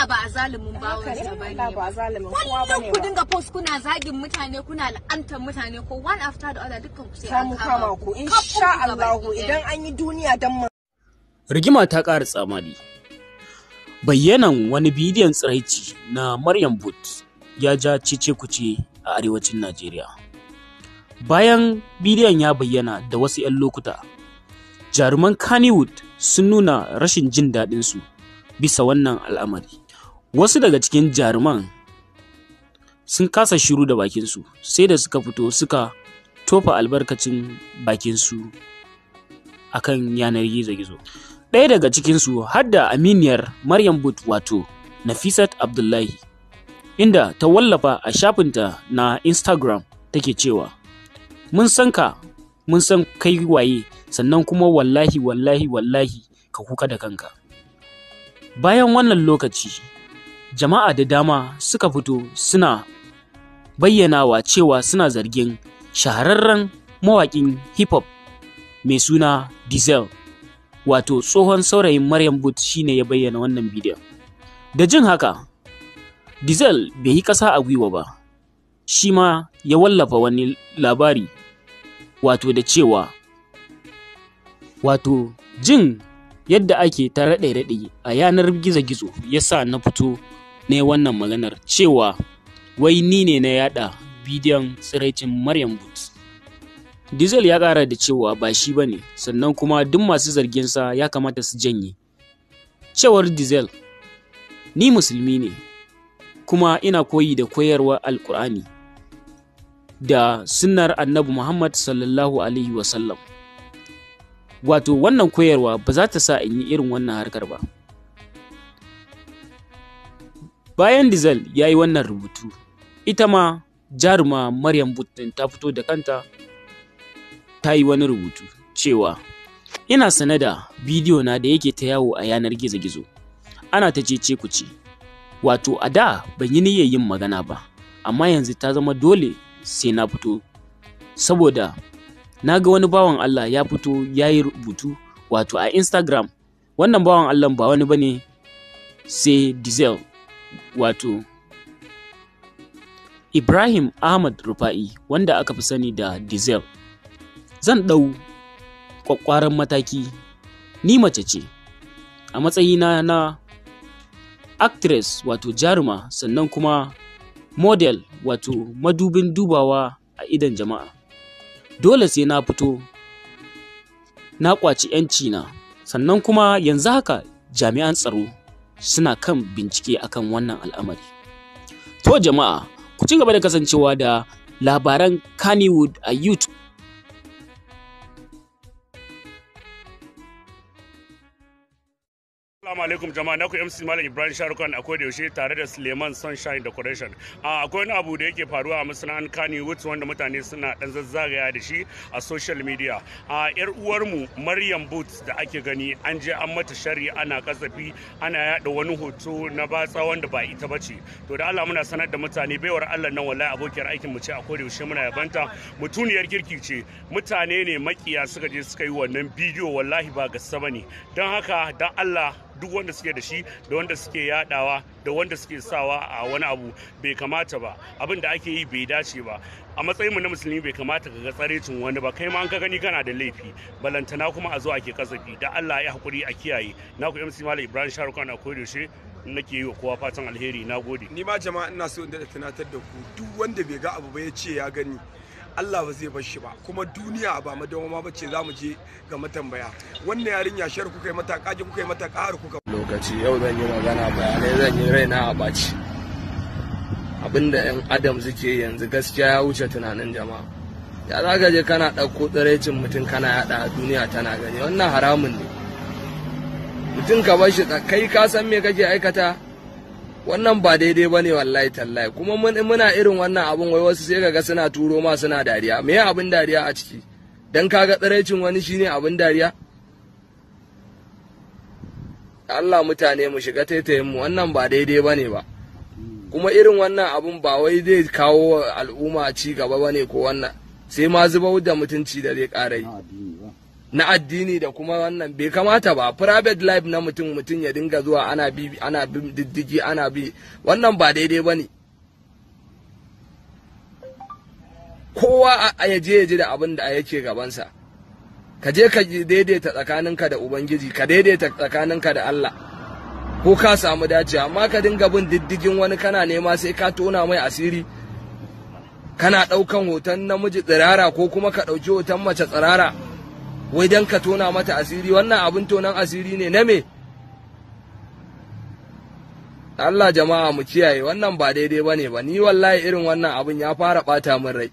Allah ba a zalumin bawansa ba ne. ku dinga post kuna zagin mutane kuna la'antar mutane ko one after the other dukkan ku sai an kama ku. Insha Allah idan an yi duniya dan Rigima ta ƙara tsamani. Bayyanan wani bidiyon tsiraici na Maryam Boot ya ja cece kuce a arewacin Najeriya. Bayan bidiyon ya bayyana da wasu 'yan lokuta, jaruman Kannywood sun nuna rashin jin daɗinsu bisa wannan al'amari Wasu daga cikin jaruman sun kasa shiru da bakinsu sai da suka fito suka tofa albarkacin bakinsu a kan yanar gizo-gizo. Ɗaya daga cikinsu har da aminiyar Maryam But wato Nafisat Abdullahi, inda ta wallafa a shafinta na Instagram take cewa, Mun san ka, mun san kai waye, sannan kuma wallahi wallahi wallahi ka kuka da kanka. Bayan wannan lokaci, jama'a da dama suka fito suna bayyanawa cewa suna zargin shahararren mawaƙin hip hop mai suna diesel wato tsohon saurayin maryam boot shine ya bayyana wannan bidiyon da jin haka diesel bai yi ƙasa a gwiwa ba shi ma ya wallafa wani labari wato da cewa wato jin yadda ake ta raɗe-raɗe a yanar gizo-gizo ya sa na fito ne wannan maganar cewa wai ni ne na yada bidiyon tsiraicin Maryam Boots. Diesel ya ƙara da cewa ba shi ba ne, sannan kuma duk masu zarginsa ya kamata su janye. Cewar Diesel, ni musulmi ne, kuma ina koyi da koyarwar Alƙur'ani da sunnar annabi Muhammad sallallahu Alaihi wasallam. wato wannan koyarwa ba za ta sa in yi irin wannan harkar ba bayan dizal ya yi wannan rubutu ita ma jaruma maryam butin ta fito da kanta ta yi wani rubutu cewa ina sane da bidiyo na da yake ta yawo a yanar gizo-gizo ana ta cece ku ce wato a da ban yi niyyar yin magana ba amma yanzu ta zama dole sai na fito saboda na ga wani bawan Allah ya fito ya yi rubutu wato a Instagram. Wannan bawan Allah ba wani bane sai Diesel wato Ibrahim Ahmad Rufa'i wanda aka fi sani da Diesel. Zan ɗau ƙwaƙƙwaran mataki ni mace ce a matsayina na actress wato jaruma sannan kuma model wato madubin dubawa a idan jama'a. dole sai na fito na kwaci 'yanci na sannan kuma yanzu haka jami'an tsaro suna kan bincike akan wannan al'amari to jama'a ku ci gaba da kasancewa da labaran Kannywood a YouTube Assalamu alaikum jama'a na ku MC Malam Ibrahim Sharukan a koda yaushe tare da Suleiman Sunshine Decoration. A akwai wani abu da yake faruwa a masana'an Kani Woods wanda mutane suna dan zazzagaya da shi a social media. A yar uwarmu Maryam Boots da ake gani an je an mata shari ana kasafi ana yada wani hoto na batsa wanda ba ita bace. To da Allah muna sanar da mutane baiwar Allah nan wallahi abokiyar aikin mu ce a koda yaushe muna yabanta mutuniyar kirki ce mutane ne makiya suka je suka yi wannan bidiyo wallahi ba gassa bane. Don haka dan Allah duk wanda suke da shi da wanda suke yadawa da wanda suke sawa a wani abu bai kamata ba abin da ake yi bai dace ba a matsayin mu na musulmi bai kamata ka ga tsarecin wani ba kai ma an ka gani kana da laifi balantana kuma a zo a ke kasafi da Allah ya hakuri a kiyaye na ku MC Malam Ibrahim Sharukan a na nake yi wa kowa fatan alheri na gode ni ma jama'a ina so in da tunatar da ku duk wanda bai ga abu ba ya ce ya gani Allah ba zai bar shi ba kuma duniya ba madawama ba ce za mu je ga matambaya wannan yarinya shar kuka yi mata kaji kuka yi mata kahar kuka lokaci yau zan yi magana bayanai zan yi raina a baci abinda yan adam suke yanzu gaskiya ya wuce tunanin jama'a ya za ka je kana ɗauko tsiraicin mutum kana yaɗa a duniya tana gani wannan haramun ne mutum ka bar shi kai ka san me kake aikata wannan ba daidai ba ne wallahi tallahi kuma muna irin wannan abin wai wasu sai kaga suna turo ma suna dariya me ya abin dariya a ciki dan kaga tsiraicin wani shine abin dariya Allah mutane mu shiga taitayin mu wannan ba daidai ba ne ba kuma irin wannan abun ba wai zai kawo al'umma ci gaba bane ko wannan sai ma zuba da mutunci da zai karai. yi na addini da kuma wannan bai kamata ba private life na mutum mutum ya dinga zuwa ana bi ana bin diddigi ana bi wannan ba daidai ba ne kowa ya je ya ji da abin da yake gabansa ka je ka daidaita tsakaninka da ubangiji ka daidaita tsakaninka da Allah ko ka samu dace amma ka dinga bin diddigin wani kana nema sai ka tona mai asiri kana ɗaukan hoton namiji tsirara ko kuma ka ɗauki hoton mace tsirara wai don ka tona mata asiri wannan abin tonan asiri ne na me Allah jama'a mu kiyaye wannan ba daidai ba ne ba ni wallahi irin wannan abin ya fara ɓata min rai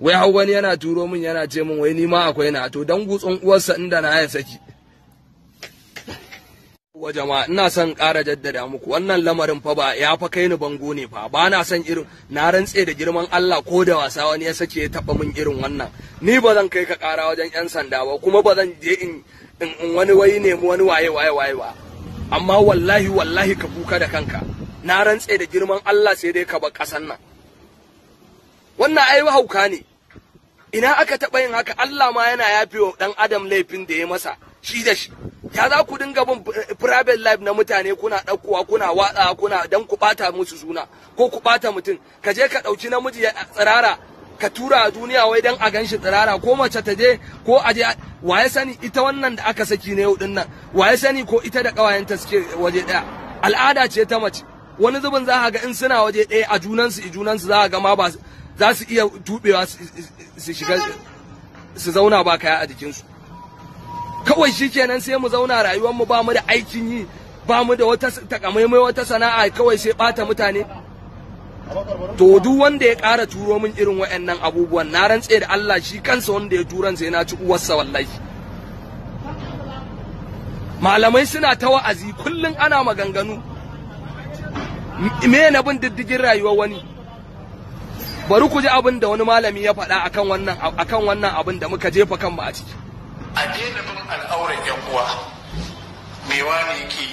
wai hau wani yana turo min yana ce min wai ni ma akwai na to dan gutsun uwarsa inda na haya saki Yawwa jama'a ina son ƙara jaddada muku wannan lamarin fa ba ya fa kai ni bango ne fa ba na son irin na rantse da girman Allah ko da wasa wani ya sake ya taba min irin wannan ni ba zan kai ka ƙara wajen 'yan sanda ba kuma ba zan je in in wani wai ne wani waye waye waye ba amma wallahi wallahi ka kuka da kanka na rantse da girman Allah sai dai ka ba ƙasan nan wannan ai hauka ne ina aka taɓa yin haka Allah ma yana yafe wa ɗan adam laifin da ya masa shi da shi ya za ku dinga bin eh, private life na mutane kuna ɗaukowa kuna watsa kuna dan ku ɓata musu suna ko ku ɓata mutum ka je ka ɗauki namiji ya eh, tsirara ka tura a duniya wai dan a ganshi tsirara ko mace ta je ko a je ya sani ita wannan da aka saki na yau dinnan wa ya sani ko ita da ƙawayenta suke waje ɗaya al'ada ce ta mace wani zubin za ga in suna waje ɗaya a junansu i junansu za ga ma ba za su iya tubewa su shiga su zauna ba kaya a jikinsu kawai shi kenan sai mu zauna rayuwar mu ba mu da aikin yi ba mu da wata takamaimai wata sana'a kawai sai bata mutane to duk wanda ya ƙara turo min irin wayannan abubuwan na rantse da Allah shi kansa wanda ya turan sai na ci uwarsa wallahi malamai suna ta wa'azi kullum ana maganganu me na bin diddigin rayuwar wani bari ku ji abin da wani malami ya faɗa akan wannan akan wannan abin da muka jefa kanmu a ciki a daina bin al'auran yan uwa me wani yake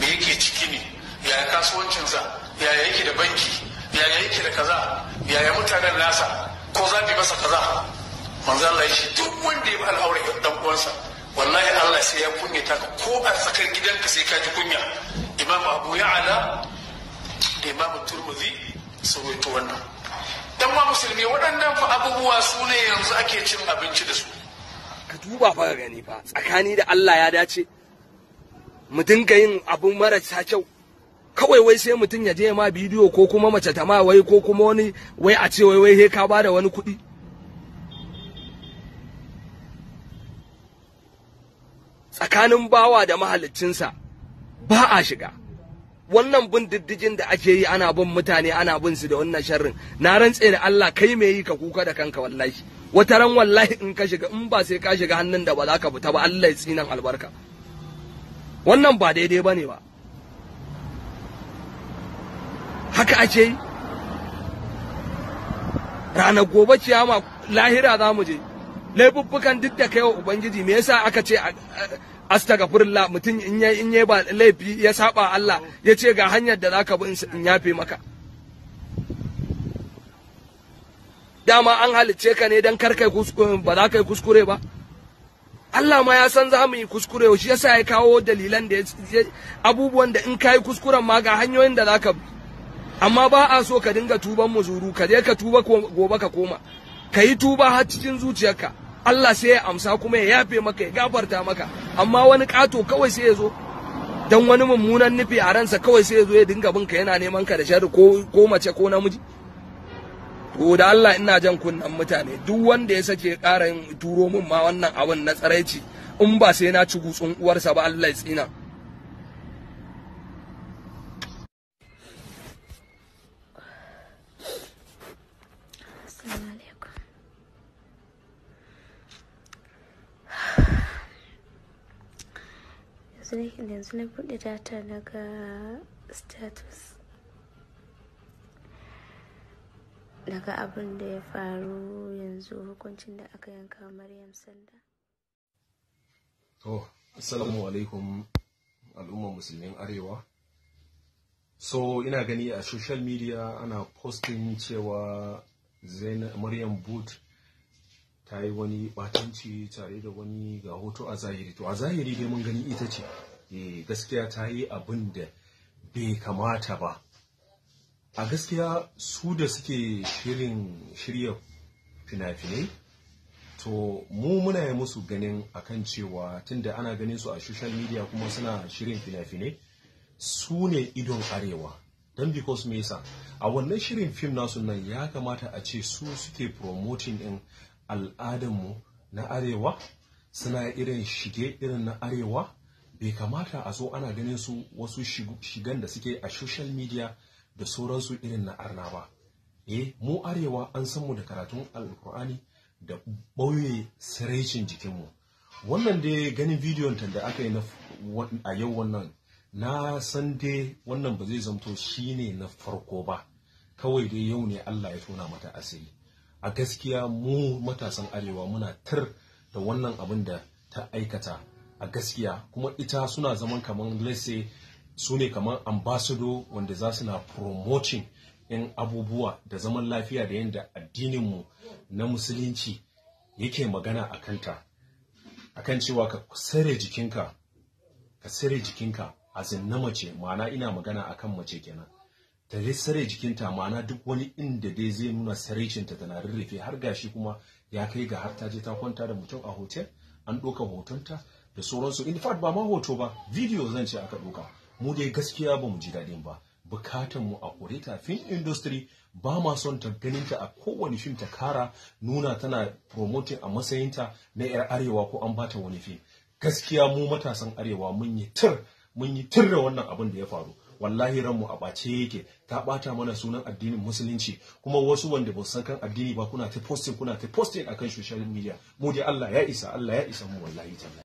me yake ciki ne yaya kasuwancinsa yaya yake da banki yaya yake da kaza yaya mutanen nasa ko za bi masa kaza manzo Allah ya shi duk wanda ya bi al'auran dan uwansa wallahi Allah sai ya kunyata ta ko a tsakar gidanka sai ka ji kunya imam abu ya'ala da imam turmuzi sun wannan dan ma musulmi waɗannan abubuwa su ne yanzu ake cin abinci da su ba fa gani fa tsakani da Allah ya dace mu dinga yin abu marasa kyau kawai wai sai mutum ya je ma bidiyo ko kuma mace ta ma wai ko kuma wani wai a ce wai wai he ka bada wani kuɗi tsakanin bawa da mahaliccinsa ba a shiga wannan bin diddigin da ake yi ana bin mutane ana bin su da wannan sharrin na rantse da Allah kai me yi ka kuka da kanka wallahi wata ran wallahi in ka shiga in ba sai ka shiga hannun da ba za ka fita ba Allah ya tsinan albarka wannan ba daidai bane ba haka ake ranar gobe ciyama lahira za mu je laifuffukan duk da kai wa ubangiji me yasa aka ce astaghfirullah mutum in ya ba laifi ya saba Allah ya ce ga hanyar da zaka bi in yafe maka dama an halicce ka ne don kar kai kuskure ba za ka yi kuskure ba Allah ma ya san za mu yi kuskure shi yasa ya kawo dalilan da abubuwan da in ka yi kuskuren ma ga hanyoyin da za ka amma ba a so ka dinga tuban zuru ka je ka tuba gobe ka koma ka yi tuba har cikin zuciyarka Allah sai ya amsa kuma ya yafe maka ya gafarta maka amma wani kato kawai sai ya zo dan wani mummunan nufi a ransa kawai sai ya zo ya dinga bin yana neman ka da shari ko mace ko namiji ko da Allah ina jan kunnan mutane duk wanda ya sake ƙara yin turo min ma wannan abin na tsaraici in ba sai na ci gutsun uwarsa ba Allah ya tsina yanzu na buɗe data na ga status daga abin da ya faru yanzu hukuncin da aka yanka maryam sanda to assalamu alaikum al'ummar musulmin arewa so ina gani a social media ana posting cewa maryam boot ta yi wani batanci tare da wani ga hoto a zahiri to a zahiri dai mun gani ita ce eh, gaskiya ta yi abin da bai kamata ba a gaskiya su da suke shirin shirya fina-finai to mu muna yi musu ganin akan cewa tunda ana ganin su a social media kuma suna shirin fina-finai su ne idon arewa don because me yasa a wannan shirin fim nasu nan ya kamata a ce su suke promoting din al'adunmu na arewa suna irin shige irin na arewa bai kamata a zo ana ganin su wasu shigan da suke a social media da sauransu irin na arna ba eh mu arewa an san mu da karatun alkur'ani da bauye siraicin jikinmu wannan dai ganin bidiyon ta da aka yi a yau wannan na san dai wannan ba zai zamto shine na farko ba kawai dai yau ne Allah ya tona mata asiri a gaskiya mu matasan arewa muna tar da wannan abin da ta aikata a gaskiya kuma ita suna zaman kamar lese su ne kamar ambasado wanda za su na promoting yan abubuwa da zaman lafiya da yadda addininmu na musulunci yake magana a kanta a kan cewa ka sare jikinka ka sare jikinka a na mace ma'ana ina magana a kan mace kenan ta sare jikinta ma'ana duk wani inda dai zai nuna sarecinta tana rarrafe har gashi kuma ya kai ga har ta je ta kwanta da mutum a hotel an ɗauka hotonta da sauransu in fact ba ma hoto ba video zan ce aka ɗauka mu dai gaskiya ba mu ji daɗin ba bukatan mu a kore ta film industry ba ma son ta ganin ta a kowane fim ta kara nuna tana promoting a matsayinta na yar arewa ko an bata wani fim gaskiya mu matasan arewa mun yi tir mun yi tir da wannan abin da ya faru wallahi ranmu a ɓace yake ta ɓata mana sunan addinin musulunci kuma wasu wanda ba san kan addini ba kuna ta posting kuna ta posting akan social media mu dai Allah ya isa Allah ya isa mu wallahi